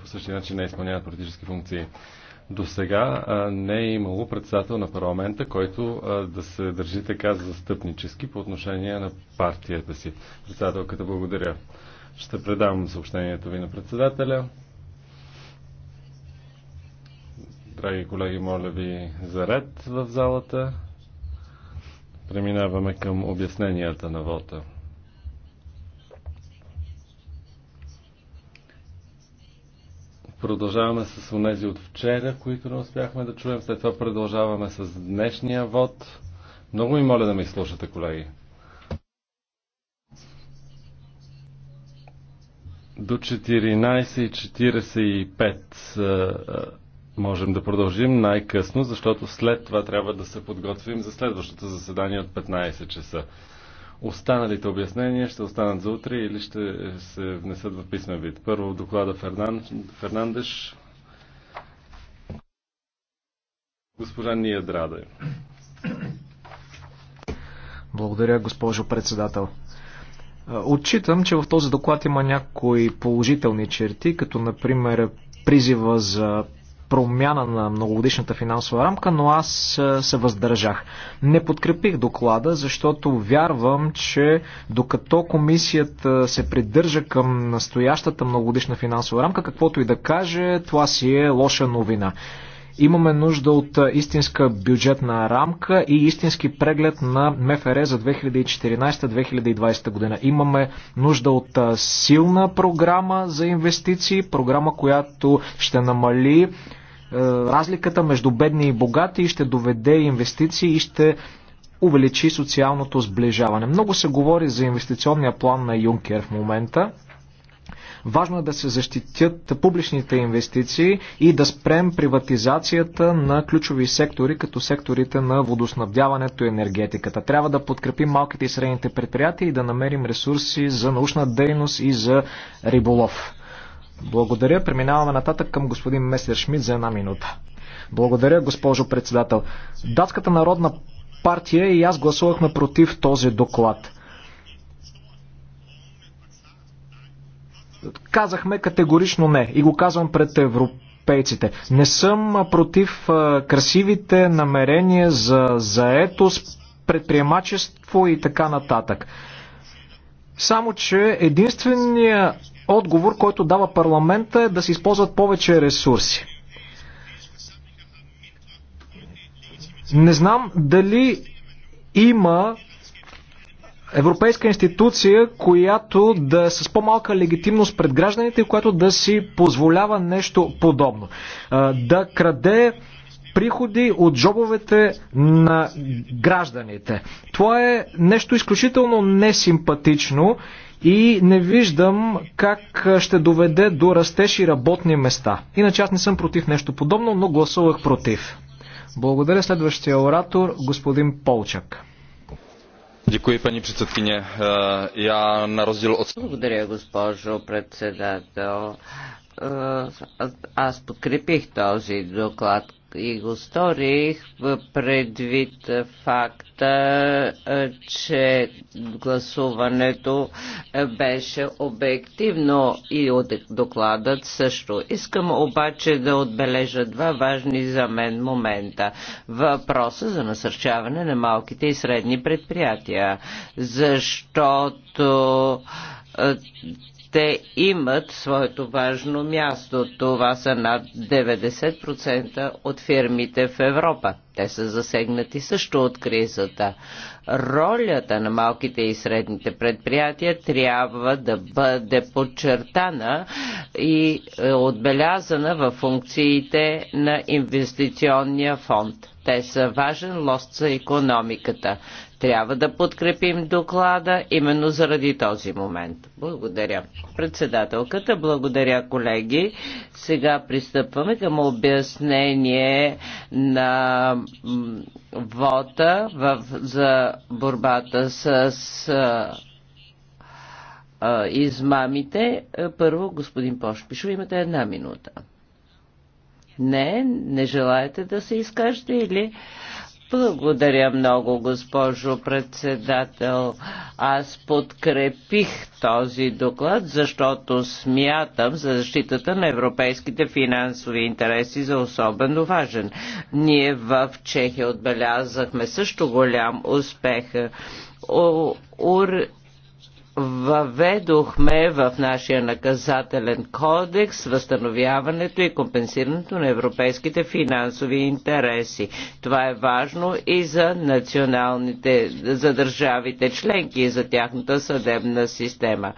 по същия начин не изпълняват политически функции. До сега не е имало председател на парламента, който да се държи така застъпнически по отношение на партията си. Председателката, благодаря. Ще предам съобщението ви на председателя. Драги колеги, моля ви за ред в залата. Преминаваме към обясненията на вота. Продължаваме с онези от вчера, които не успяхме да чуем. След това продължаваме с днешния вод. Много ми моля да ми слушате, колеги. До 14.45 можем да продължим най-късно, защото след това трябва да се подготвим за следващото заседание от 15 часа. Останалите обяснения ще останат за утре или ще се внесат в писмен вид. Първо доклада Фернан... Фернандеш. Госпожа Ния Драде. Благодаря, госпожо председател. Отчитам, че в този доклад има някои положителни черти, като например призива за промяна на многогодишната финансова рамка, но аз е, се въздържах. Не подкрепих доклада, защото вярвам, че докато комисията се придържа към настоящата многогодишна финансова рамка, каквото и да каже, това си е лоша новина имаме нужда от е, истинска бюджетна рамка и истински преглед на МФР за 2014-2020 година. Имаме нужда от е, силна програма за инвестиции, програма, която ще намали е, разликата между бедни и богати ще доведе инвестиции и ще увеличи социалното сближаване. Много се говори за инвестиционния план на Юнкер в момента. Важно е да се защитят публичните инвестиции и да спрем приватизацията на ключови сектори, като секторите на водоснабдяването и енергетиката. Трябва да подкрепим малките и средните предприятия и да намерим ресурси за научна дейност и за риболов. Благодаря. Преминаваме нататък към господин Месер Шмидт за една минута. Благодаря, госпожо председател. Датската народна партия и аз гласувахме против този доклад. Казахме категорично не и го казвам пред европейците. Не съм против красивите намерения за заетост, предприемачество и така нататък. Само, че единствения отговор, който дава парламента е да се използват повече ресурси. Не знам дали има европейска институция, която да е с по-малка легитимност пред гражданите и която да си позволява нещо подобно. Да краде приходи от джобовете на гражданите. Това е нещо изключително несимпатично и не виждам как ще доведе до растеж и работни места. Иначе аз не съм против нещо подобно, но гласувах против. Благодаря следващия оратор, господин Полчак. Děkuji, paní předsedkyně. Já na rozdíl od... Благодаря, госпожо председател. Аз подкрепих този доклад, и го сторих предвид факта, е, че гласуването е, беше обективно и докладът също. Искам обаче да отбележа два важни за мен момента. Въпроса за насърчаване на малките и средни предприятия, защото е, ще имат своето важно място. Това са над 90% от фирмите в Европа. Те са засегнати също от кризата. Ролята на малките и средните предприятия трябва да бъде подчертана и е, отбелязана в функциите на инвестиционния фонд. Те са важен лост за економиката. Трябва да подкрепим доклада именно заради този момент. Благодаря. Председателката, благодаря колеги. Сега пристъпваме към обяснение на вота в, за борбата с а, а, измамите. Първо, господин Пошпишо, имате една минута. Не, не желаете да се изкажете или... Благодаря много, госпожо председател. Аз подкрепих този доклад, защото смятам за защитата на европейските финансови интереси за особено важен. Ние в Чехия отбелязахме също голям успех. Ур въведохме в нашия наказателен кодекс възстановяването и компенсирането на европейските финансови интереси. Това е важно и за националните, за държавите членки и за тяхната съдебна система.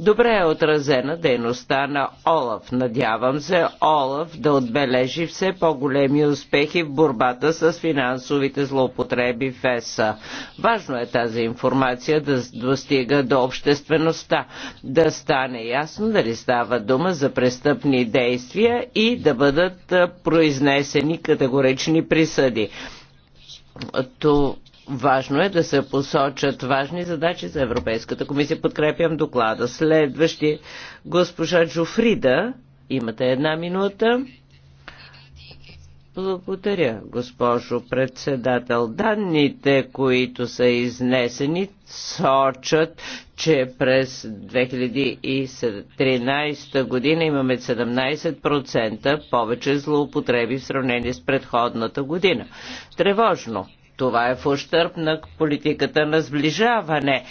Добре е отразена дейността на Олаф. Надявам се Олаф да отбележи все по-големи успехи в борбата с финансовите злоупотреби в ЕСА. Важно е тази информация да достига до обществеността, да стане ясно дали става дума за престъпни действия и да бъдат произнесени категорични присъди. То Важно е да се посочат важни задачи за Европейската комисия. Подкрепям доклада. Следващи госпожа Джуфрида. Имате една минута. Благодаря, госпожо председател. Данните, които са изнесени, сочат, че през 2013 година имаме 17% повече злоупотреби в сравнение с предходната година. Тревожно това е в ущърп на политиката на сближаване.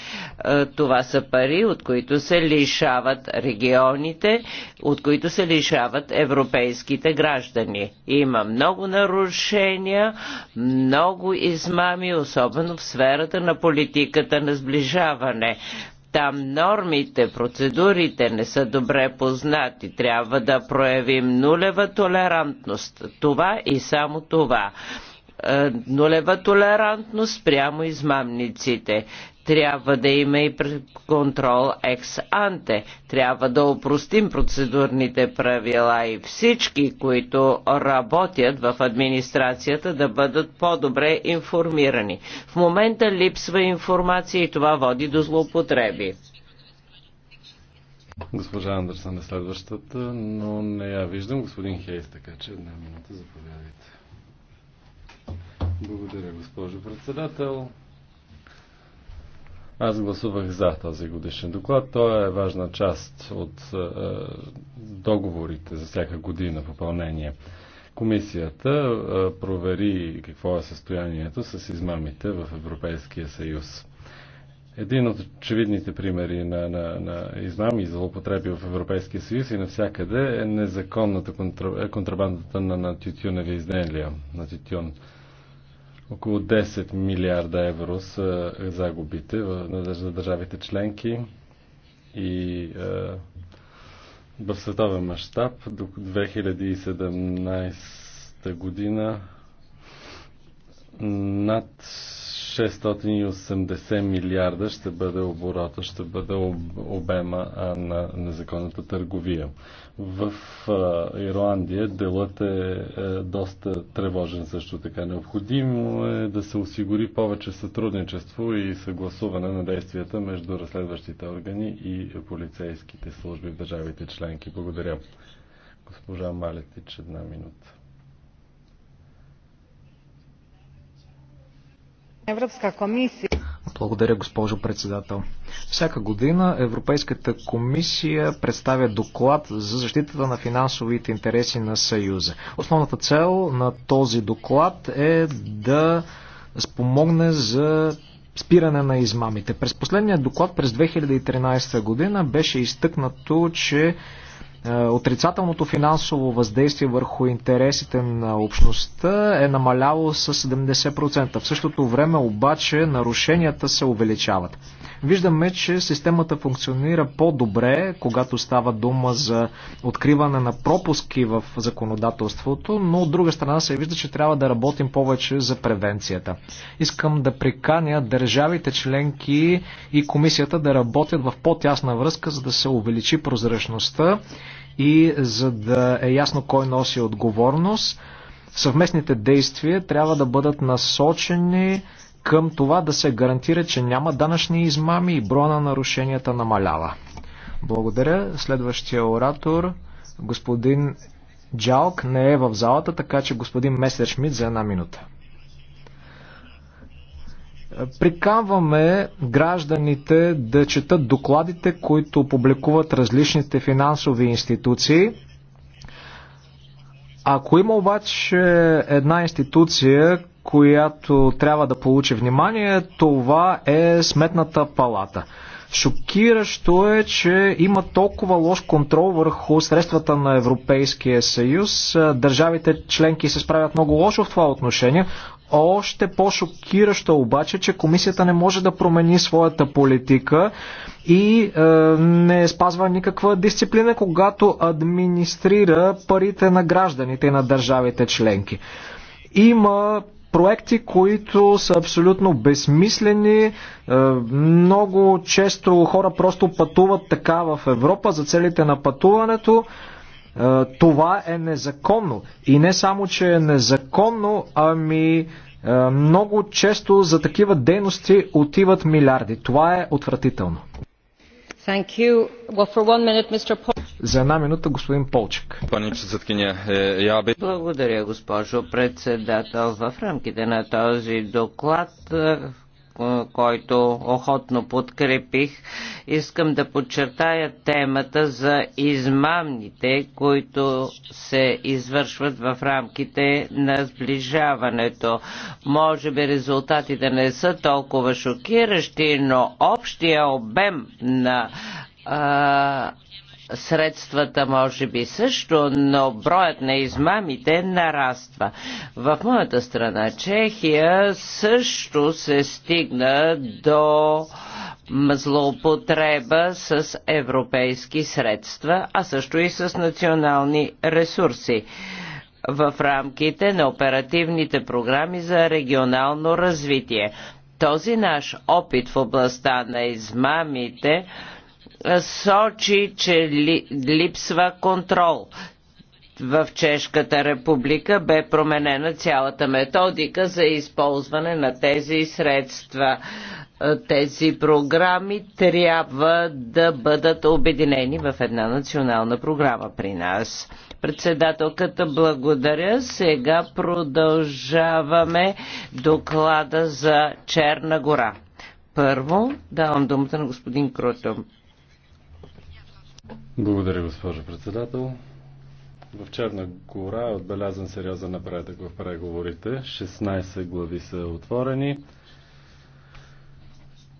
Е, това са пари, от които се лишават регионите, от които се лишават европейските граждани. Има много нарушения, много измами, особено в сферата на политиката на сближаване. Там нормите, процедурите не са добре познати. Трябва да проявим нулева толерантност. Това и само това. Е, нулева толерантност прямо измамниците. Трябва да има и контрол екс-анте. Трябва да опростим процедурните правила и всички, които работят в администрацията, да бъдат по-добре информирани. В момента липсва информация и това води до злоупотреби. Госпожа Андерсън е следващата, но не я виждам. Господин Хейс, така че една минута заповядайте. Благодаря, госпожо председател. Аз гласувах за този годишен доклад. Той е важна част от е, договорите за всяка година попълнение. Комисията е, провери какво е състоянието с измамите в Европейския съюз. Един от очевидните примери на, на, на измами и злоупотреби в Европейския съюз и навсякъде е незаконната контрабандата на, на тютюневи изделия, на тютюн. Около 10 милиарда евро са е, загубите за държавите членки и е, в световен мащаб до 2017 година над 680 милиарда ще бъде оборота, ще бъде обема на незаконната търговия. В Ирландия делът е, е доста тревожен също така. Необходимо е да се осигури повече сътрудничество и съгласуване на действията между разследващите органи и полицейските служби в държавите членки. Благодаря. Госпожа Малетич, една минута. Европска комисия. Благодаря, госпожо председател. Всяка година Европейската комисия представя доклад за защитата на финансовите интереси на Съюза. Основната цел на този доклад е да спомогне за спиране на измамите. През последния доклад през 2013 година беше изтъкнато, че е, отрицателното финансово въздействие върху интересите на общността е намаляло с 70%. В същото време обаче нарушенията се увеличават. Виждаме, че системата функционира по-добре, когато става дума за откриване на пропуски в законодателството, но от друга страна се вижда, че трябва да работим повече за превенцията. Искам да приканя държавите членки и комисията да работят в по-тясна връзка, за да се увеличи прозрачността и за да е ясно кой носи отговорност съвместните действия трябва да бъдат насочени към това да се гарантира, че няма данъчни измами и броя на нарушенията намалява. Благодаря. Следващия оратор, господин Джалк, не е в залата, така че господин Месершмит за една минута. Приканваме гражданите да четат докладите, които публикуват различните финансови институции. Ако има обаче една институция, която трябва да получи внимание, това е Сметната палата. Шокиращо е, че има толкова лош контрол върху средствата на Европейския съюз. Държавите членки се справят много лошо в това отношение. Още по-шокиращо е обаче, че комисията не може да промени своята политика и е, не спазва никаква дисциплина, когато администрира парите на гражданите и на държавите членки. Има проекти, които са абсолютно безсмислени. Е, много често хора просто пътуват така в Европа за целите на пътуването. Е, това е незаконно. И не само, че е незаконно, ами е, много често за такива дейности отиват милиарди. Това е отвратително. За една минута господин Полчек. Е, Благодаря, госпожо председател. В рамките на този доклад е, който охотно подкрепих. Искам да подчертая темата за измамните, които се извършват в рамките на сближаването. Може би резултатите не са толкова шокиращи, но общия обем на а, средствата може би също, но броят на измамите нараства. В моята страна Чехия също се стигна до злоупотреба с европейски средства, а също и с национални ресурси в рамките на оперативните програми за регионално развитие. Този наш опит в областта на измамите сочи, че ли, липсва контрол. В Чешката република бе променена цялата методика за използване на тези средства. Е, тези програми трябва да бъдат обединени в една национална програма при нас. Председателката благодаря. Сега продължаваме доклада за Черна гора. Първо давам думата на господин Крутъм. Благодаря, госпожо председател. В Черна гора е отбелязан сериозен напредък в преговорите. 16 глави са отворени.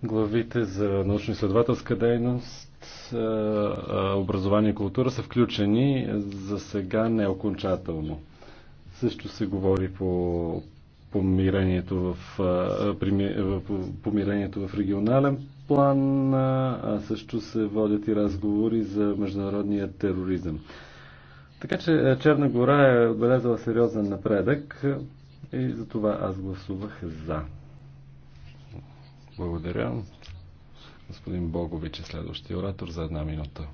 Главите за научно-изследователска дейност, е, е, образование и култура са включени за сега неокончателно. Също се говори по помирението в, помирението в регионален план, а също се водят и разговори за международния тероризъм. Така че е, Черна гора е отбелязала сериозен напредък и за това аз гласувах за. Благодаря. Господин Богович е следващия оратор за една минута.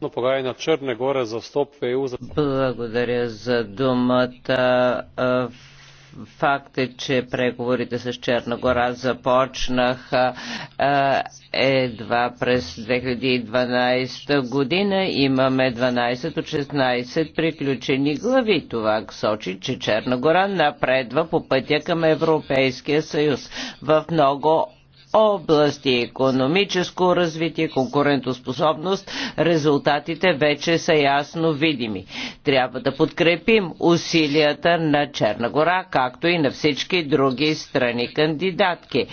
Но на черна за стоп Благодаря за думата. В Факт е, че преговорите с Черна гора започнаха едва през 2012 година. Имаме 12 от 16 приключени глави. Това сочи, че Черна гора напредва по пътя към Европейския съюз в много области економическо развитие, конкурентоспособност, резултатите вече са ясно видими. Трябва да подкрепим усилията на Черна гора, както и на всички други страни кандидатки.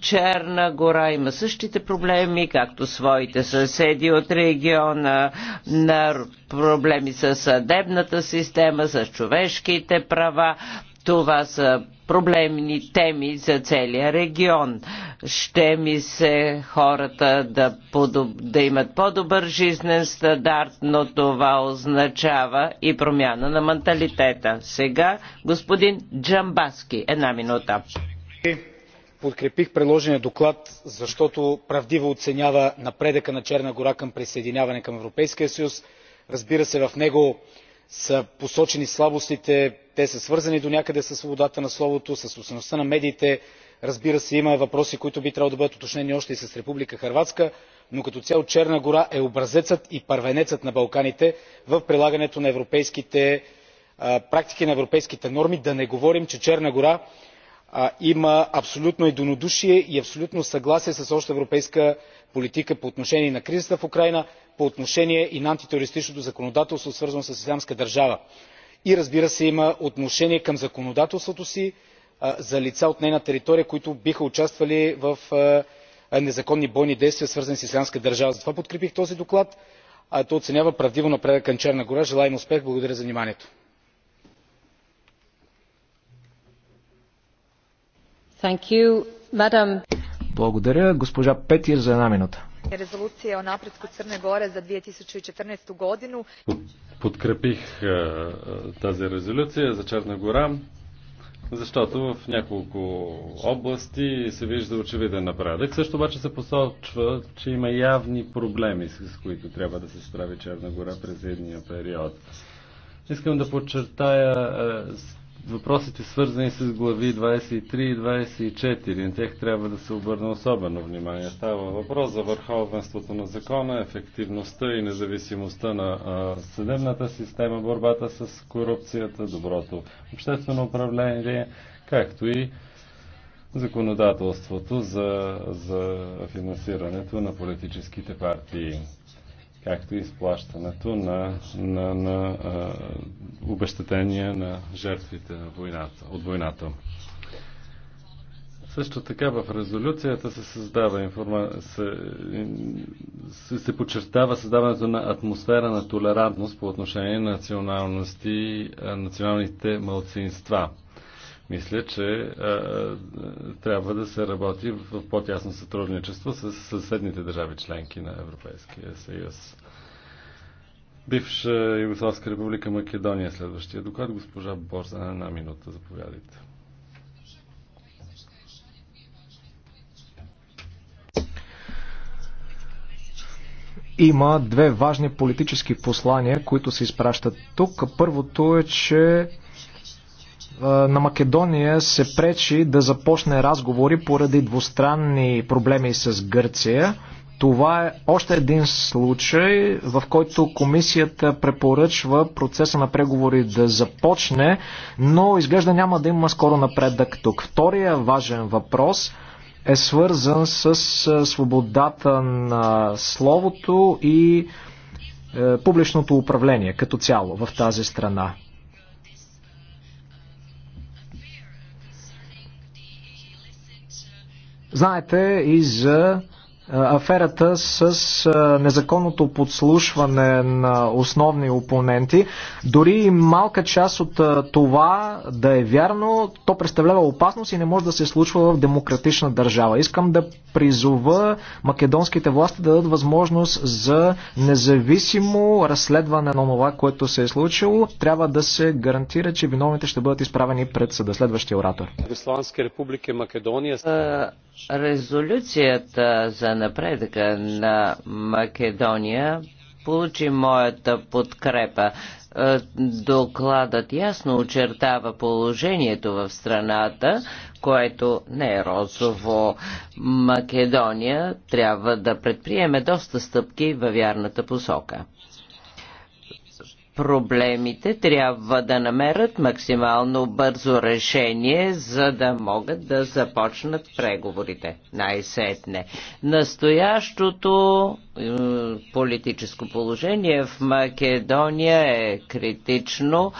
Черна гора има същите проблеми, както своите съседи от региона, на проблеми с съдебната система, с човешките права. Това са проблемни теми за целия регион. Ще ми се хората да, подоб... да имат по-добър жизнен стандарт, но това означава и промяна на менталитета. Сега господин Джамбаски, една минута. Подкрепих предложения доклад, защото правдиво оценява напредъка на Черна гора към присъединяване към Европейския съюз. Разбира се, в него са посочени слабостите те са свързани донякъде със свободата на словото с собствеността на медиите. разбира се има въпроси които би трябвало да бъдат уточнени още и с република хърватска но като цяло черна гора е образецът и първенецът на балканите в прилагането на европейските практики на европейските норми да не говорим че черна гора има абсолютно единодушие и абсолютно съгласие с общата европейска политика по отношение на кризата в украйна по отношение и на антитерористичното законодателство свързано с ислямска държава и разбира се има отношение към законодателството си за лица от нейна територия които биха участвали в незаконни бойни действия свързани с ислямска държава. затова подкрепих този доклад. той оценява правдиво напредъка на черна гора. желая им успех! благодаря за вниманието. Благодаря. Госпожа Петир за една минута. Резолюция о напредку Црне Горе за 2014 годину. Подкрепих е, е, тази резолюция за Черна гора, защото в няколко области се вижда очевиден напредък. Също обаче се посочва, че има явни проблеми, с които трябва да се справи Черна гора през едния период. Искам да подчертая е, въпросите свързани с глави 23 и 24. На тях трябва да се обърне особено внимание. Става въпрос за върховенството на закона, ефективността и независимостта на съдебната система, борбата с корупцията, доброто обществено управление, както и законодателството за, за финансирането на политическите партии както и изплащането на, на, на а, обещетения на жертвите на войната, от войната. Също така в резолюцията се създава информа... се, се, се подчертава създаването на атмосфера на толерантност по отношение на националности, националните малцинства. Мисля, че а, трябва да се работи в по-тясно сътрудничество с съседните държави членки на Европейския съюз. Бивша Югославска република Македония следващия доклад. Госпожа на една минута, заповядайте. Има две важни политически послания, които се изпращат тук. Първото е, че на Македония се пречи да започне разговори поради двустранни проблеми с Гърция. Това е още един случай, в който комисията препоръчва процеса на преговори да започне, но изглежда няма да има скоро напредък тук. Втория важен въпрос е свързан с свободата на словото и е, публичното управление като цяло в тази страна. Знаете и за аферата с незаконното подслушване на основни опоненти. Дори и малка част от това да е вярно, то представлява опасност и не може да се случва в демократична държава. Искам да призова македонските власти да дадат възможност за независимо разследване на това, което се е случило. Трябва да се гарантира, че виновните ще бъдат изправени пред съда. Следващия оратор. република Македония е, резолюцията за напредъка на Македония получи моята подкрепа. Е, докладът ясно очертава положението в страната, което не е розово. Македония трябва да предприеме доста стъпки във вярната посока проблемите трябва да намерят максимално бързо решение, за да могат да започнат преговорите. Най-сетне. Настоящото е, политическо положение в Македония е критично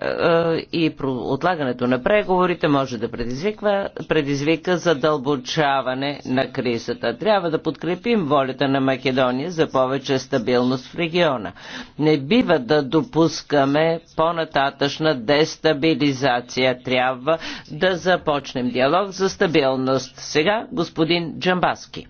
е, е, и отлагането на преговорите може да предизвиква, предизвика задълбочаване на кризата. Трябва да подкрепим волята на Македония за повече стабилност в региона. Не бива да допускаме по-нататъчна дестабилизация. Трябва да започнем диалог за стабилност. Сега господин Джамбаски.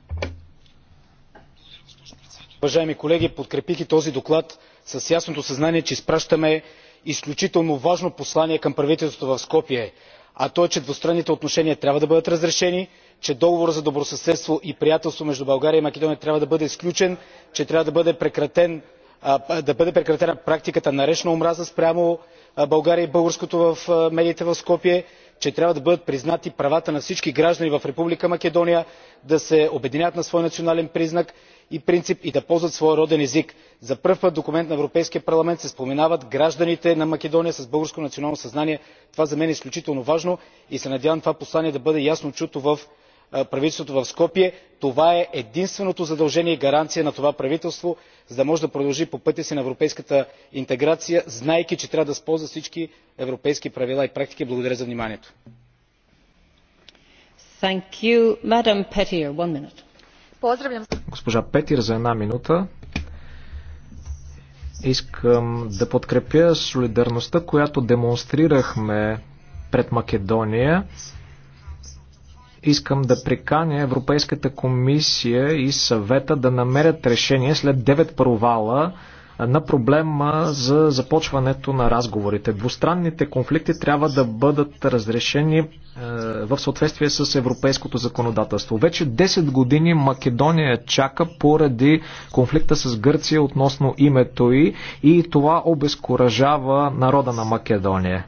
Уважаеми колеги, подкрепих и този доклад с ясното съзнание, че изпращаме изключително важно послание към правителството в Скопие, а то е, че двустранните отношения трябва да бъдат разрешени, че договор за добросъседство и приятелство между България и Македония трябва да бъде изключен, че трябва да бъде прекратен да бъде прекратена практиката на реч на омраза спрямо българия и българското в медиите в скопие че трябва да бъдат признати правата на всички граждани в република македония да се обединяват на свой национален признак и принцип и да ползват своя роден език. за пръв път в документ на европейския парламент се споменават гражданите на македония с българско национално съзнание. това за мен е изключително важно и се надявам това послание да бъде ясно чуто в правителството в скопие това е единственото задължение и гаранция на това правителство за да може да продължи по пътя си на европейската интеграция знаейки че трябва да спазва всички европейски правила и практики. благодаря за вниманието. госпожа петир за една минута. Искам да подкрепя солидарността, която демонстрирахме пред Македония Искам да приканя Европейската комисия и съвета да намерят решение след 9 провала на проблема за започването на разговорите. Двустранните конфликти трябва да бъдат разрешени в съответствие с европейското законодателство. Вече 10 години Македония чака поради конфликта с Гърция относно името й и това обезкуражава народа на Македония.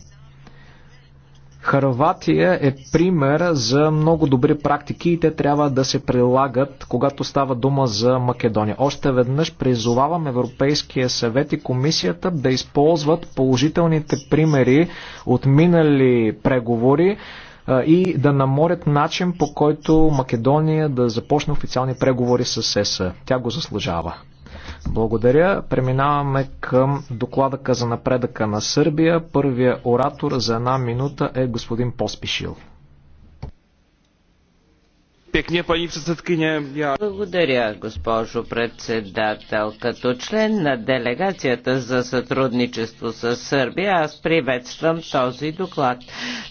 Харватия е пример за много добри практики и те трябва да се прилагат, когато става дума за Македония. Още веднъж призовавам Европейския съвет и комисията да използват положителните примери от минали преговори и да наморят начин по който Македония да започне официални преговори с ЕС. Тя го заслужава. Благодаря. Преминаваме към докладъка за напредъка на Сърбия. Първия оратор за една минута е господин Поспишил. Благодаря, госпожо председател. Като член на делегацията за сътрудничество с Сърбия, аз приветствам този доклад.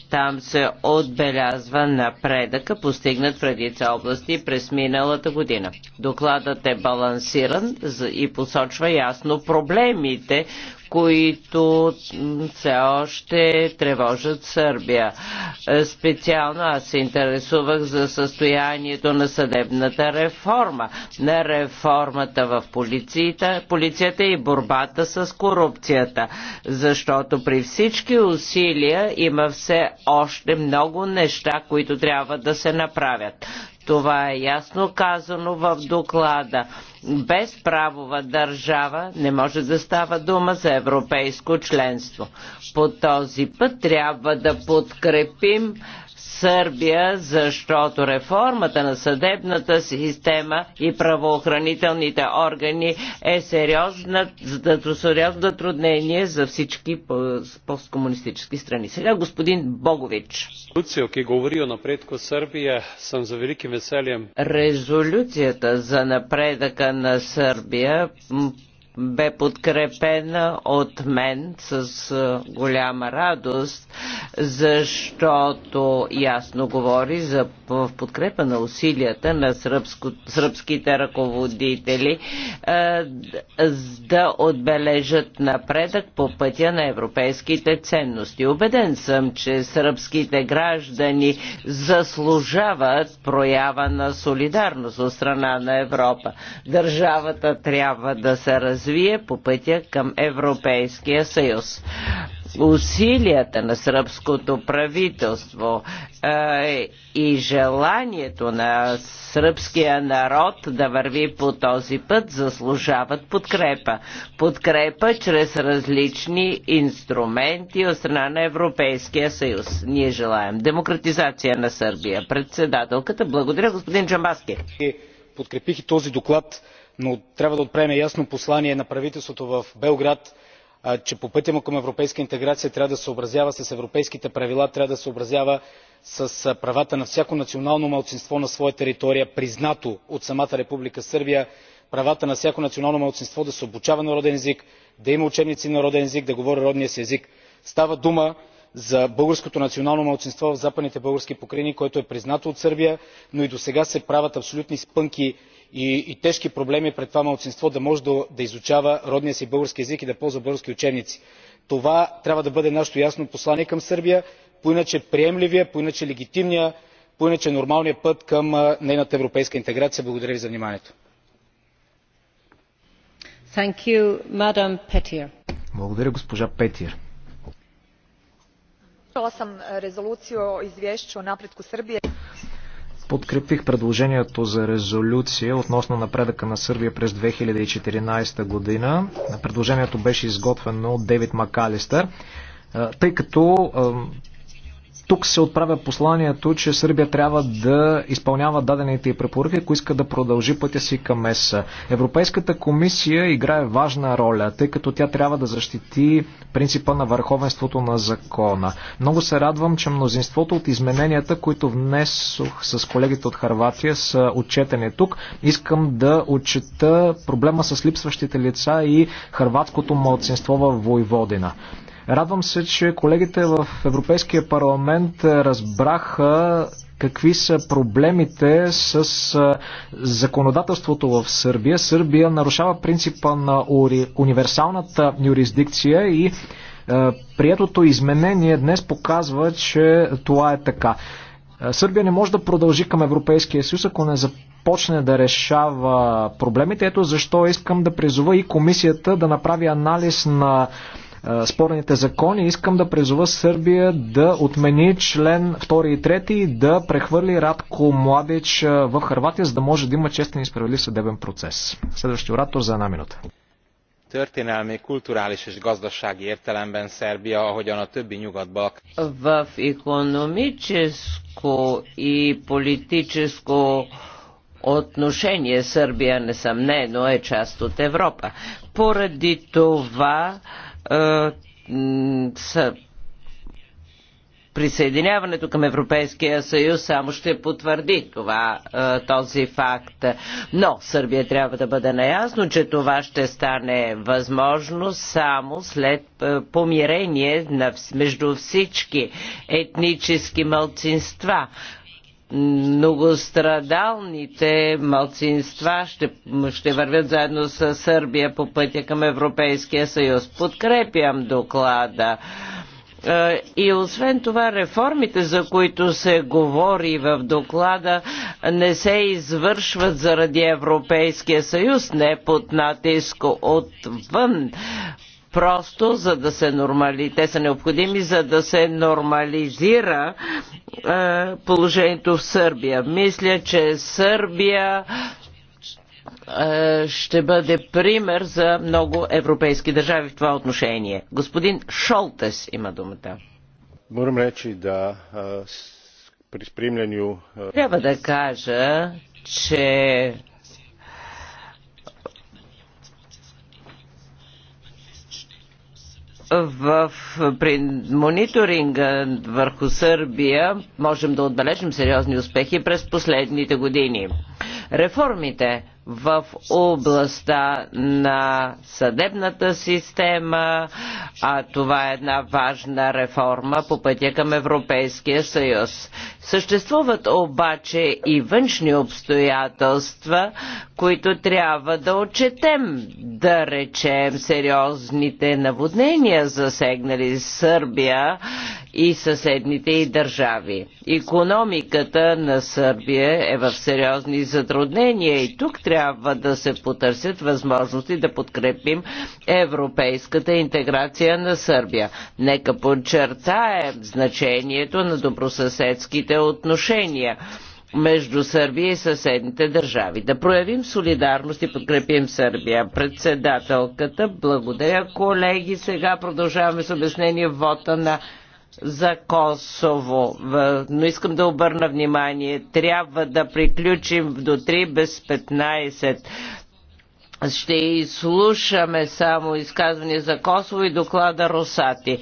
Там се отбелязва напредъка, постигнат в редица области през миналата година. Докладът е балансиран и посочва ясно проблемите, които все още тревожат Сърбия. Е, специално аз се интересувах за състоянието на съдебната реформа, на реформата в полицията, полицията и борбата с корупцията, защото при всички усилия има все още много неща, които трябва да се направят. Това е ясно казано в доклада. Без правова държава не може да става дума за европейско членство. По този път трябва да подкрепим Сърбия, защото реформата на съдебната система и правоохранителните органи е сериозна, сериозно затруднение за всички посткомунистически страни. Сега господин Богович. Резолюцията за напредъка на Сърбия бе подкрепена от мен с голяма радост, защото ясно говори за в подкрепа на усилията на сръбско, сръбските ръководители да отбележат напредък по пътя на европейските ценности. Обеден съм, че сръбските граждани заслужават проява на солидарност от страна на Европа. Държавата трябва да се развива развие по пътя към Европейския съюз. Усилията на сръбското правителство е, и желанието на сръбския народ да върви по този път заслужават подкрепа. Подкрепа чрез различни инструменти от страна на Европейския съюз. Ние желаем демократизация на Сърбия. Председателката, благодаря господин Джамбаски. Подкрепих и този доклад но трябва да отправим ясно послание на правителството в белград че по пътя му към европейска интеграция трябва да се съобразява с европейските правила трябва да се съобразява с правата на всяко национално малцинство на своя територия признато от самата република сърбия правата на всяко национално малцинство да се обучава на роден език да има учебници на роден език да говори родния си език. става дума за българското национално малцинство в западните български покрайнини което е признато от сърбия но и досега се правят абсолютни спънки и тежки проблеми пред това малцинство да може да изучава родния си български език и да ползва български учебници. това трябва да бъде нашето ясно послание към сърбия по иначе приемливия по иначе легитимния по иначе нормалния път към нейната европейска интеграция. благодаря ви за вниманието. Благодаря, госпожа Петир. sam rezoluciju o izvješću o napretku Srbije подкрепих предложението за резолюция относно напредъка на Сърбия през 2014 година. Предложението беше изготвено от Дейвид Макалистър, тъй като тук се отправя посланието, че Сърбия трябва да изпълнява дадените и препоръки, ако иска да продължи пътя си към ЕС. Европейската комисия играе важна роля, тъй като тя трябва да защити принципа на върховенството на закона. Много се радвам, че мнозинството от измененията, които внесох с колегите от Харватия, са отчетени тук. Искам да отчета проблема с липсващите лица и харватското младсинство в Войводина. Радвам се, че колегите в Европейския парламент е, разбраха какви са проблемите с е, законодателството в Сърбия. Сърбия нарушава принципа на универсалната юрисдикция и е, приетото изменение днес показва, че това е така. Сърбия не може да продължи към Европейския съюз, ако не започне да решава проблемите. Ето защо искам да призова и комисията да направи анализ на спорните закони, искам да призова Сърбия да отмени член 2 и 3 и да прехвърли Радко Младич в Харватия, за да може да има честен и справедлив съдебен процес. Следващия оратор за една минута. Történelmi, kulturális és gazdasági értelemben Szerbia, ahogyan a többi В економическо и политическо отношение Сърбия несъмнено е част от Европа. Поради това са присъединяването към Европейския съюз само ще потвърди това, този факт. Но Сърбия трябва да бъде наясно, че това ще стане възможно само след помирение между всички етнически мълцинства многострадалните малцинства ще, ще вървят заедно с Сърбия по пътя към Европейския съюз. Подкрепям доклада. Е, и освен това, реформите, за които се говори в доклада, не се извършват заради Европейския съюз, не под натиск отвън просто за да се нормали. Те са необходими, за да се нормализира е, положението в Сърбия. Мисля, че Сърбия е, ще бъде пример за много европейски държави в това отношение. Господин Шолтес има думата. Морам речи да е, при спримленju... Е, Трябва да кажа, че в, при мониторинга върху Сърбия можем да отбележим сериозни успехи през последните години. Реформите в областта на съдебната система, а това е една важна реформа по пътя към Европейския съюз. Съществуват обаче и външни обстоятелства, които трябва да отчетем, да речем сериозните наводнения засегнали Сърбия и съседните и държави. Економиката на Сърбия е в сериозни затруднения и тук трябва да се потърсят възможности да подкрепим европейската интеграция на Сърбия. Нека подчертаем значението на добросъседските отношения между Сърбия и съседните държави. Да проявим солидарност и подкрепим Сърбия. Председателката, благодаря колеги. Сега продължаваме с обяснение вота на за Косово. Но искам да обърна внимание, трябва да приключим до 3 без 15 ще изслушаме само изказване за Косово и доклада Росати. Е,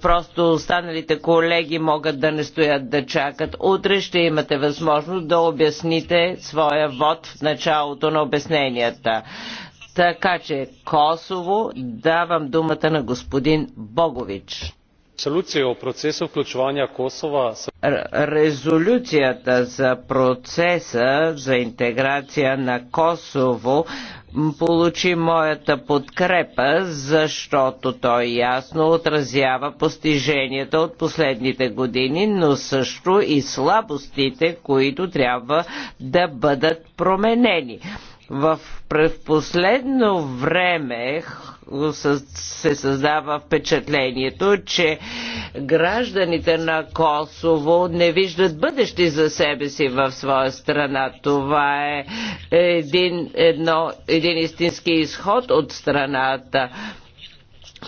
просто останалите колеги могат да не стоят да чакат. Утре ще имате възможност да обясните своя вод в началото на обясненията. Така че Косово давам думата на господин Богович. Резолюцията за процеса за интеграция на Косово получи моята подкрепа, защото той ясно отразява постиженията от последните години, но също и слабостите, които трябва да бъдат променени. В последно време се създава впечатлението, че гражданите на Косово не виждат бъдещи за себе си в своя страна. Това е един, едно, един истински изход от страната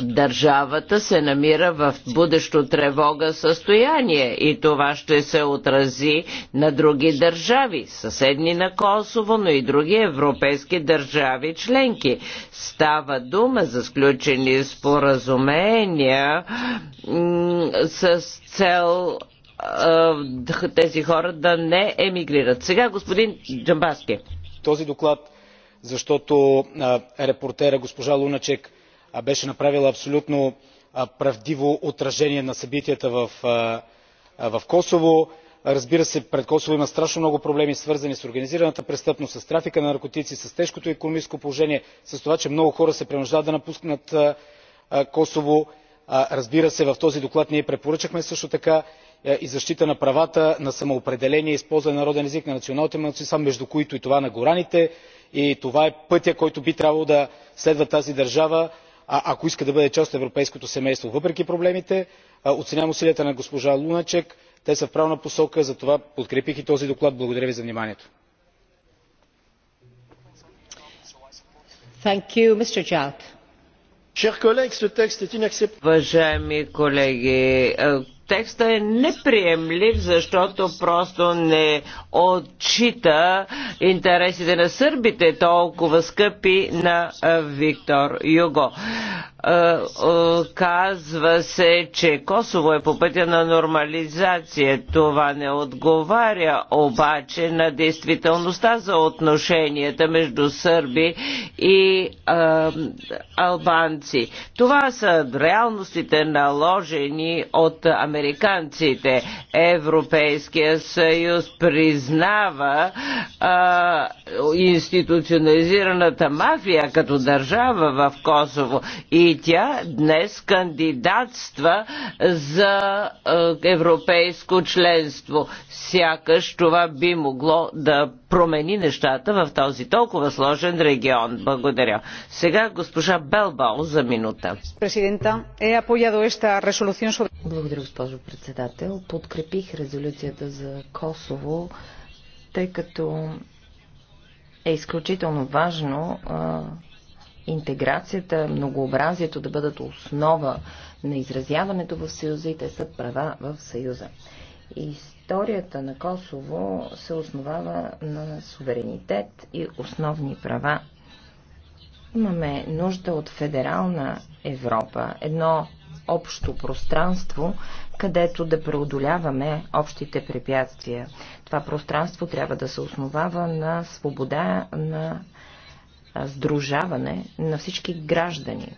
държавата се намира в будещо тревога състояние и това ще се отрази на други държави, съседни на Косово, но и други европейски държави членки. Става дума за сключени споразумения с цел тези хора да не емигрират. Сега господин Джамбаски. Този доклад, защото репортера госпожа Луначек беше направила абсолютно правдиво отражение на събитията в косово. разбира се пред косово има страшно много проблеми свързани с организираната престъпност с трафика на наркотици с тежкото икономическо положение с това че много хора се принуждават да напуснат косово. разбира се в този доклад ние препоръчахме също така и защита на правата на самоопределение и използване на народен език на националните малцинства между които и това на гораните и това е пътят който би трябвало да следва тази държава ако иска да бъде част от европейското семейство. въпреки проблемите оценявам усилията на госпожа Луначек, те са в правилна посока затова подкрепих и този доклад. благодаря ви за вниманието. уважаеми колеги текста е неприемлив, защото просто не отчита интересите на сърбите, толкова скъпи на Виктор Юго. Казва се, че Косово е по пътя на нормализация. Това не отговаря обаче на действителността за отношенията между сърби и а, албанци. Това са реалностите наложени от Америка американците. Европейския съюз признава а, институционализираната мафия като държава в Косово и тя днес кандидатства за а, европейско членство. Сякаш това би могло да промени нещата в този толкова сложен регион. Благодаря. Сега госпожа Белбао за минута. Е Благодаря, госпожо председател. Подкрепих резолюцията за Косово, тъй като е изключително важно а, интеграцията, многообразието да бъдат основа на изразяването в Съюза и те са права в Съюза. И Историята на Косово се основава на суверенитет и основни права. Имаме нужда от федерална Европа, едно общо пространство, където да преодоляваме общите препятствия. Това пространство трябва да се основава на свобода на сдружаване на всички граждани,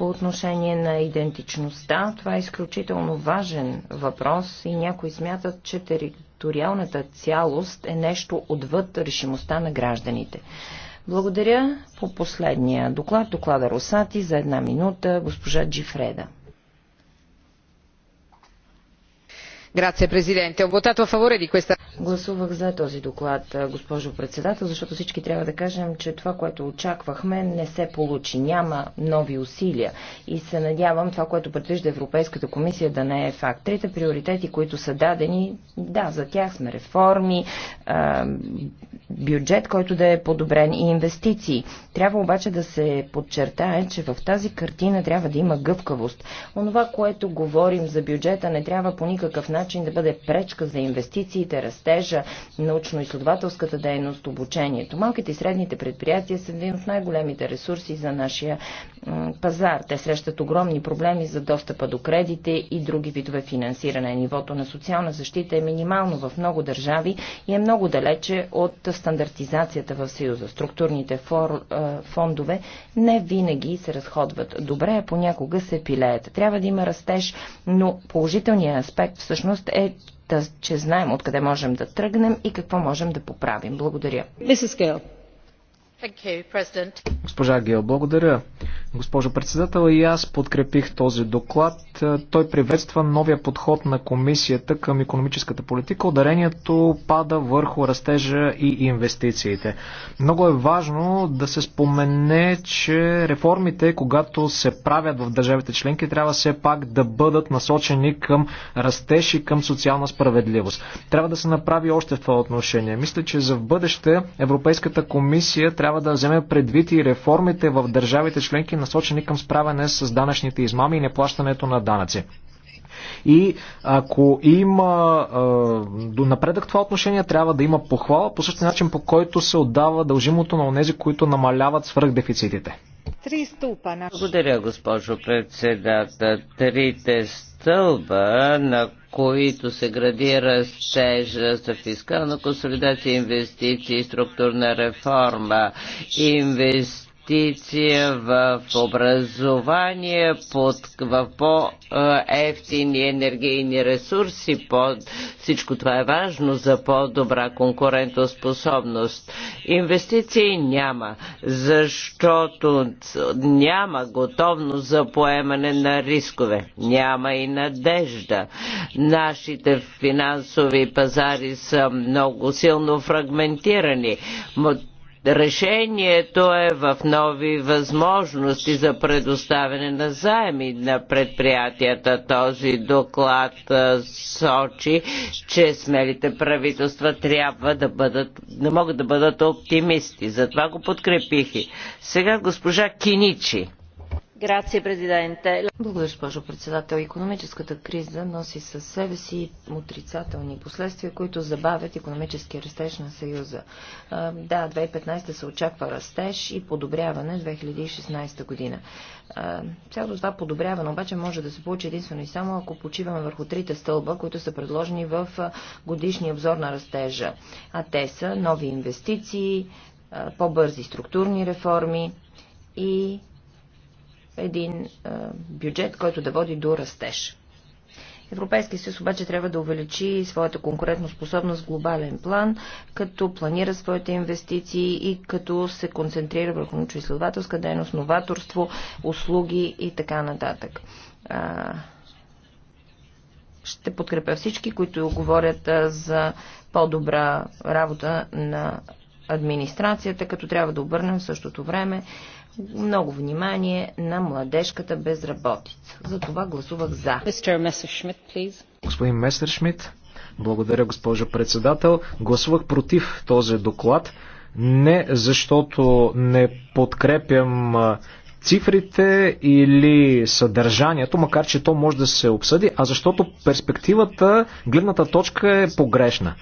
по отношение на идентичността. Това е изключително важен въпрос и някои смятат, че териториалната цялост е нещо отвъд решимостта на гражданите. Благодаря по последния доклад, доклада Росати, за една минута, госпожа Джифреда. Гласувах за този доклад, госпожо председател, защото всички трябва да кажем, че това, което очаквахме, не се получи. Няма нови усилия. И се надявам това, което предвижда Европейската комисия, да не е факт. Трите приоритети, които са дадени, да, за тях сме реформи, бюджет, който да е подобрен и инвестиции. Трябва обаче да се подчертае, че в тази картина трябва да има гъвкавост. Онова, което говорим за бюджета, не трябва по никакъв начин начин да бъде пречка за инвестициите, растежа, научно-изследователската дейност, обучението. Малките и средните предприятия са един от най-големите ресурси за нашия пазар. Те срещат огромни проблеми за достъпа до кредите и други видове финансиране. Нивото на социална защита е минимално в много държави и е много далече от стандартизацията в Съюза. Структурните фор, фондове не винаги се разходват добре, а понякога се пилеят. Трябва да има растеж, но положителният аспект всъщност всъщност е да, че знаем откъде можем да тръгнем и какво можем да поправим. Благодаря. Госпожа Гел, благодаря госпожо председател, и аз подкрепих този доклад. Той приветства новия подход на комисията към економическата политика. Ударението пада върху растежа и инвестициите. Много е важно да се спомене, че реформите, когато се правят в държавите членки, трябва все пак да бъдат насочени към растеж и към социална справедливост. Трябва да се направи още в това отношение. Мисля, че за в бъдеще Европейската комисия трябва да вземе предвид и реформите в държавите членки насочени към справяне с данъчните измами и неплащането на данъци. И ако има до напредък това отношение, трябва да има похвала по същия начин, по който се отдава дължимото на онези, които намаляват свръхдефицитите. Три стълба на... Благодаря, госпожо председател. Трите стълба, на които се гради растеж за фискална консолидация, инвестиции, структурна реформа, инвестиции инвестиция в образование, под, в по-ефтини енергийни ресурси. Под, всичко това е важно за по-добра конкурентоспособност. Инвестиции няма, защото няма готовност за поемане на рискове. Няма и надежда. Нашите финансови пазари са много силно фрагментирани. Решението е в нови възможности за предоставяне на заеми на предприятията. Този доклад сочи, че смелите правителства трябва да, бъдат, не могат да бъдат оптимисти. Затова го подкрепихи. Сега госпожа Киничи. Благодаря, госпожо председател. Економическата криза носи със себе си отрицателни последствия, които забавят економическия растеж на Съюза. Да, 2015 се очаква растеж и подобряване 2016 година. Цялото това подобряване обаче може да се получи единствено и само ако почиваме върху трите стълба, които са предложени в годишния обзор на растежа. А те са нови инвестиции, по-бързи структурни реформи и един е, бюджет, който да води до растеж. Европейския съюз обаче трябва да увеличи своята конкурентоспособност в глобален план, като планира своите инвестиции и като се концентрира върху научно-изследователска дейност, новаторство, услуги и така нататък. Ще подкрепя всички, които говорят за по-добра работа на администрацията, като трябва да обърнем в същото време много внимание на младежката безработица. Затова гласувах за. Господин Месершмит, благодаря госпожо председател. Гласувах против този доклад. Не защото не подкрепям цифрите или съдържанието, макар че то може да се обсъди, а защото перспективата, гледната точка е погрешна.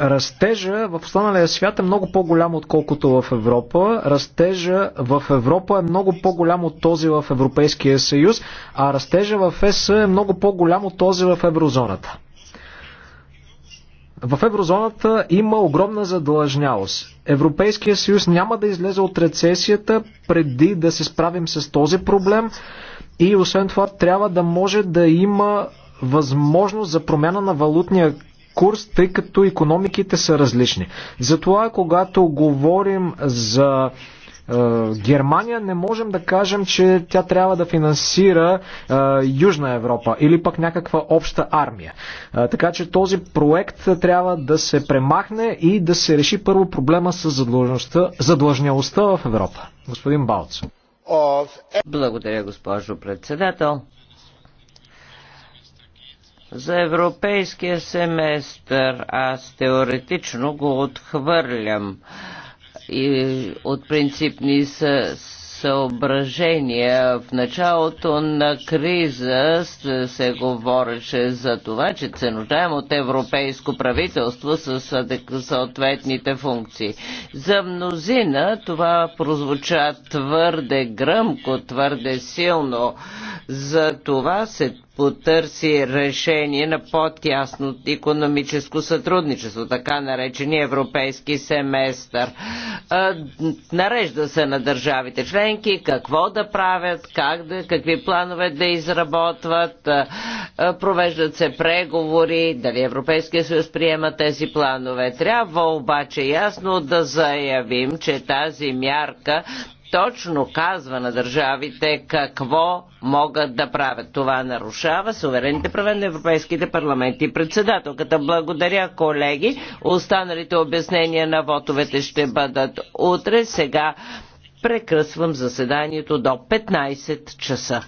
Растежа в останалия свят е много по-голям отколкото в Европа. Растежа в Европа е много по-голям от този в Европейския съюз, а растежа в ЕС е много по-голям от този в еврозоната. В еврозоната има огромна задлъжнялост. Европейския съюз няма да излезе от рецесията преди да се справим с този проблем и освен това трябва да може да има възможност за промяна на валутния курс, тъй като економиките са различни. Затова, когато говорим за е, Германия не можем да кажем, че тя трябва да финансира е, Южна Европа или пък някаква обща армия. Е, така че този проект трябва да се премахне и да се реши първо проблема с задлъжнялостта в Европа. Господин Балц. Благодаря, госпожо председател. За европейския семестър аз теоретично го отхвърлям и от принципни са съображения. В началото на криза се говореше за това, че се нуждаем от европейско правителство с съответните функции. За мнозина това прозвуча твърде гръмко, твърде силно. За това се потърси решение на по-тясно економическо сътрудничество, така наречения европейски семестър. Нарежда се на държавите членки какво да правят, как да, какви планове да изработват, провеждат се преговори, дали Европейския съюз приема тези планове. Трябва обаче ясно да заявим, че тази мярка точно казва на държавите какво могат да правят. Това нарушава суверените права на европейските парламенти. и Председателката, благодаря колеги. Останалите обяснения на вотовете ще бъдат утре. Сега прекъсвам заседанието до 15 часа.